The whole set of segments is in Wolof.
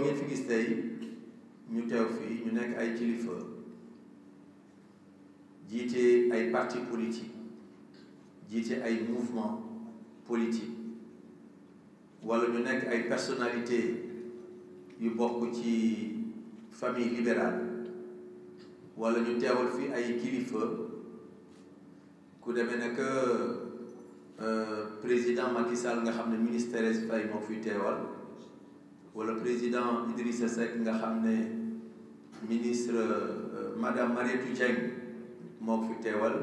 ñoom ngeen fi gis tey ñu teew fii ñu nekk ay kilifa jiite ay parti politique jiite ay mouvement politique wala ñu nekk ay personnalité yu bokk ci famille libérale wala ñu teewal fii ay kilifa ku demee ne que euh, président Macky Sall nga xam ne ministère fay moo fi teewal wala président Idrissa Seck nga xam ne ministre euh, madame Mariétou Dieng moo fi teewal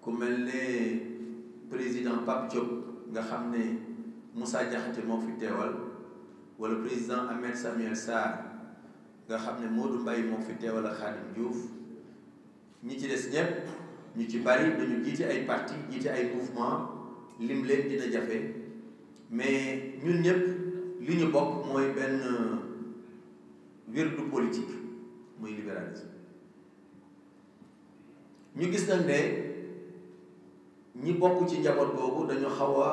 ku mel ne président Pape Diop nga xam ne Moussa Diakhaté moo fi teewal wala président Ahmed Samuel Sarr nga xam ne Modou Mbaye moo fi teewal a Khadim Diouf ñi ci des ñëpp ñu ci bari dañu jiite ay parti jiite ay mouvement lim leen dina jafe mais ñun ñëpp li ñu bokk mooy benn wirdu euh, politique muy libéralisme ñu gis nañ ne ñi bokk ci njaboot googu dañu xaw a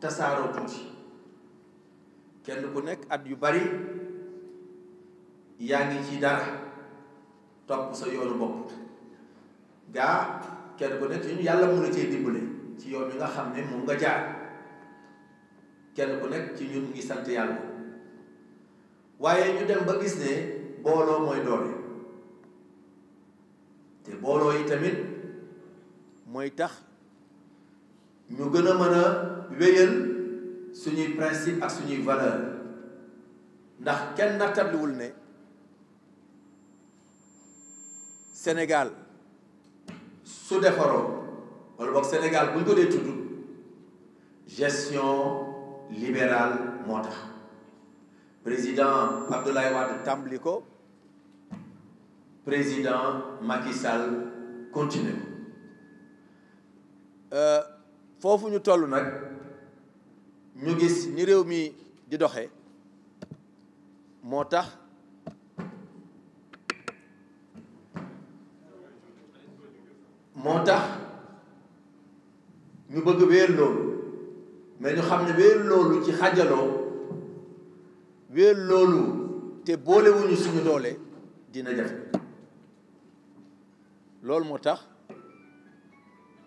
tasaaroo tuuti kenn ku nekk at yu bari yaa ngi ci dara topp sa yoonu bopp gaa kenn ku nekk yàlla mën a cee dimbale ci yoon yi nga xam ne moom nga jaar kenn ku nekk ci ñun ngi sant yàlla waaye ñu dem ba gis ne booloo mooy doole te booloo yi tamit mooy tax ñu gën a mën a wéyal suñuy principe ak suñuy valeur ndax kenn nattabliwul ne Sénégal su defaroo wala boog Sénégal bu ñu ko dee tudd gestion libéral moo tax président Abdoulaye Wade tàmbali ko président Macky Sall continue euh, foofu ñu toll nag ñu gis ni réew mi di doxe moo tax moo tax ñu bëgg wéer loolu mais ñu xam ne wéer loolu ci xajaloo wéer loolu te boolewuñu suñu doole dina jafe loolu moo tax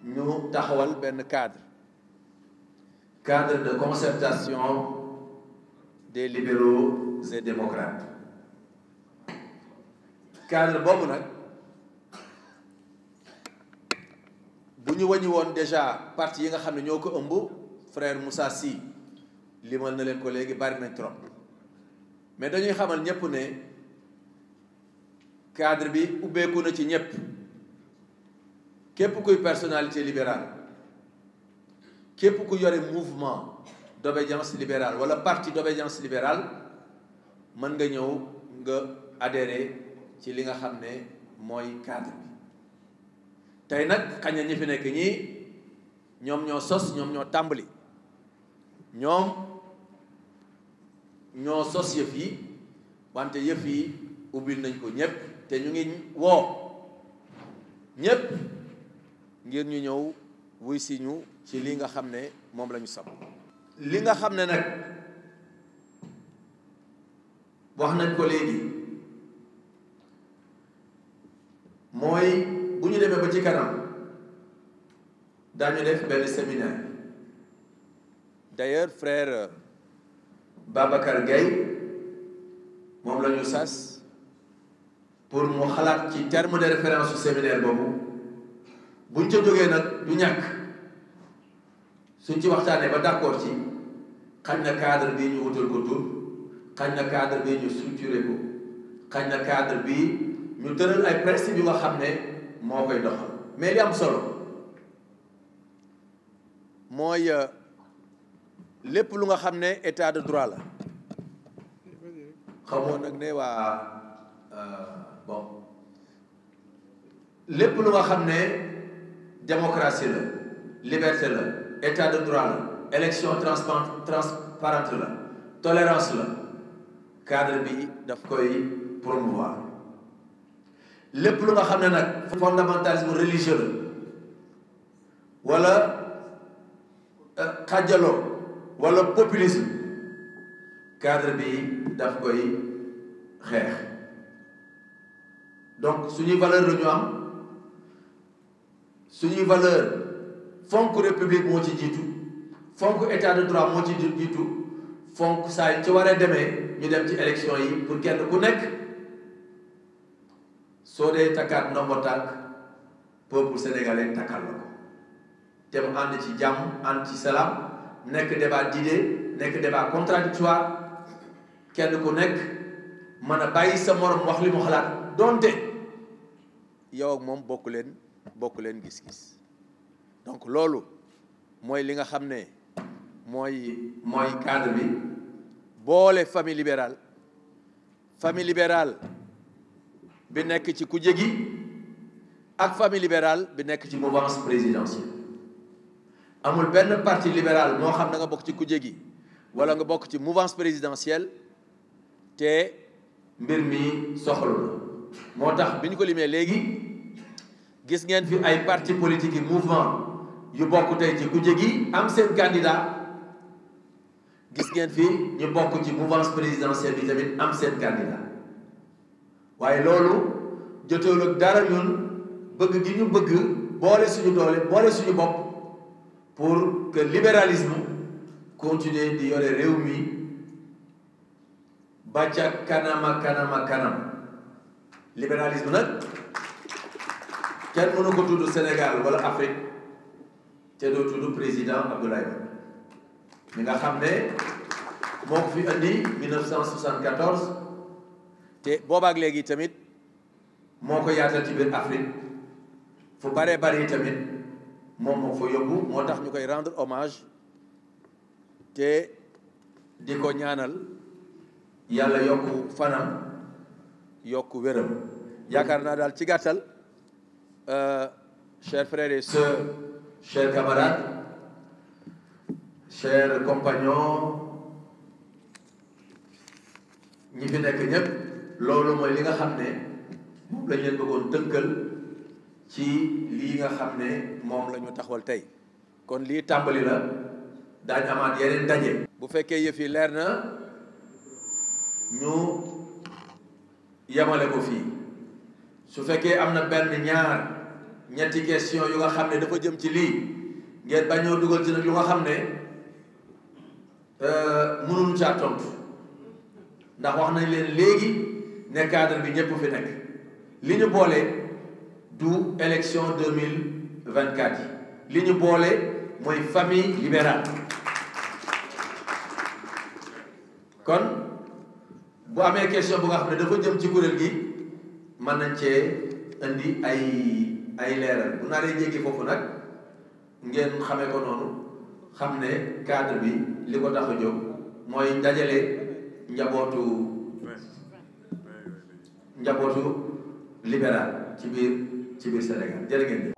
ñu taxawal benn cadre cadre de concertation des libéraux de démocrates cadre boobu nag bu ñu wañu woon déjà parti yi nga xam ne ñoo ko ëmb frère Moussa Sy limal na leen ko léegi bari nañ trop mais dañuy xamal ñépp ne cadre bi ubbeeku na ci ñépp képp kuy personnalité libérale képp ku yore mouvement d'obédience libérale wala parti d'obédience libérale mën nga ñëw nga adhérer ci li nga xam ne mooy cadre bi tey nag xañ na ñi fi nekk ñii ñoom ñoo sos ñoom ñoo tàmbali ñoom ñoo sos yëf yi wante yëf yi ubbil nañ ko ñépp te ñu ngi woo ñépp ngir ñu ñëw wuy si ñu ci li nga xam ne moom lañu ñu sab li nga xam ne nag wax nañ ko léegi mooy bu ñu demee ba ci kanam daañu def benn séminaire d'ailleurs frère euh, Babacar Gueye moom la sas pour mu xalaat ci terme de référence su séminaire boobu buñ ca jógee nag du ñàkk suñ ci waxtaanee ba d'accord ci xañ na cadre bii ñu wutal ko tur xañ na cadre bii ñu structuré ko xañ na cadre bii ñu tëral ay principes bi nga xam ne moo koy doxal mais li am solo mooy euh, lépp lu nga xam ne état de droit la xamoon nag ne waa euh, bon lépp lu nga xam ne démocratie la liberté la état de droit la élection transparente la tolérance la cadre bi daf koy promouvoir lépp lu nga xam ne nag fondamentalisme religieux la wala euh, xajaloo wala populisme cadre bi daf koy xeex donc suñuy valeur la ñu am suñuy valeur fonk république moo ci jiitu fonk état droit moo ci jiitu fonk saa yi ci waree demee ñu dem ci élection yi pour kenn ku nekk soo dee takkaat ndombo tànk peuple sénégalais takkal la ko te mu ànd ci jàmm ànd ci salaam nekk débat d'idées nekk débat contradictoire kenn ku nekk mën a bàyyi sa morom wax li mu xalaat donte yow moom bokk leen bokk leen gis-gis donc loolu mooy li nga xam ne mooy mooy cadre bi boole famille libérale famille libéral bi nekk ci kujje gi ak famille libéral bi nekk ci mouvance présidentielle amul benn parti libéral moo xam na nga bokk ci kuje gi wala nga bokk ci mouvance présidentielle te mbir mi soxal moo tax bi ñu ko limee léegi gis ngeen fi ay parti politique yi mouvement yu bokk tey ci kuje gi am seen candidat gis ngeen fi ñu bokk ci mouvance présidentielle bi tamit am seen candidat waaye loolu joteewul ak dara ñun bëgg gi ñu bëgg boole suñu doole boole suñu bopp pour que libéralisme continuer di yore réew mi ba ca kanama kanama kanam libéralisme nag kenn mënu ko tudd Sénégal wala Afrique te doo tudd président Abdoulaye Wade mi nga xam ne moo ko fi indi te boobaak léegi tamit moo ko yaata ci biir Afrique fu baree bari tamit moom moo fa yóbbu moo tax ñu koy rendre hommage te di ko ñaanal yàlla yokk fanam yokk wéram yaakaar naa daal ci gàttal euh, chers frères et sœurs chers camarades chers compagnons ñi fi nekk ñëpp loolu mooy li nga xam ne moom la ñu leen bëggoon tënkal ci lii nga xam ne moom la ñu taxawal tey kon lii tàmbali la daañu amaat yeneen daje. bu fekkee yëf yi leer na ñu yamale ko fii su fekkee am na benn ñaar ñetti question yu nga xam ne dafa jëm ci lii ngeen bañoo dugal ci nag yu nga xam ne euh, mënuñu caa tontu ndax wax nañ leen léegi ne cadre bi ñëpp fi nekk li ñu boole. du élection 2024 yi li ñu boole mooy famille libérale kon bu amee question bu nga xam ne dafa jëm ci kuréel gi mën nañ cee indi ay ay leeral bu naree jéggi foofu nag ngeen xamee ko noonu xam ne cadre bi li ko tax a mooy dajale njabootu njabootu libéral ci biir ci biir Sénégal jërë ngeen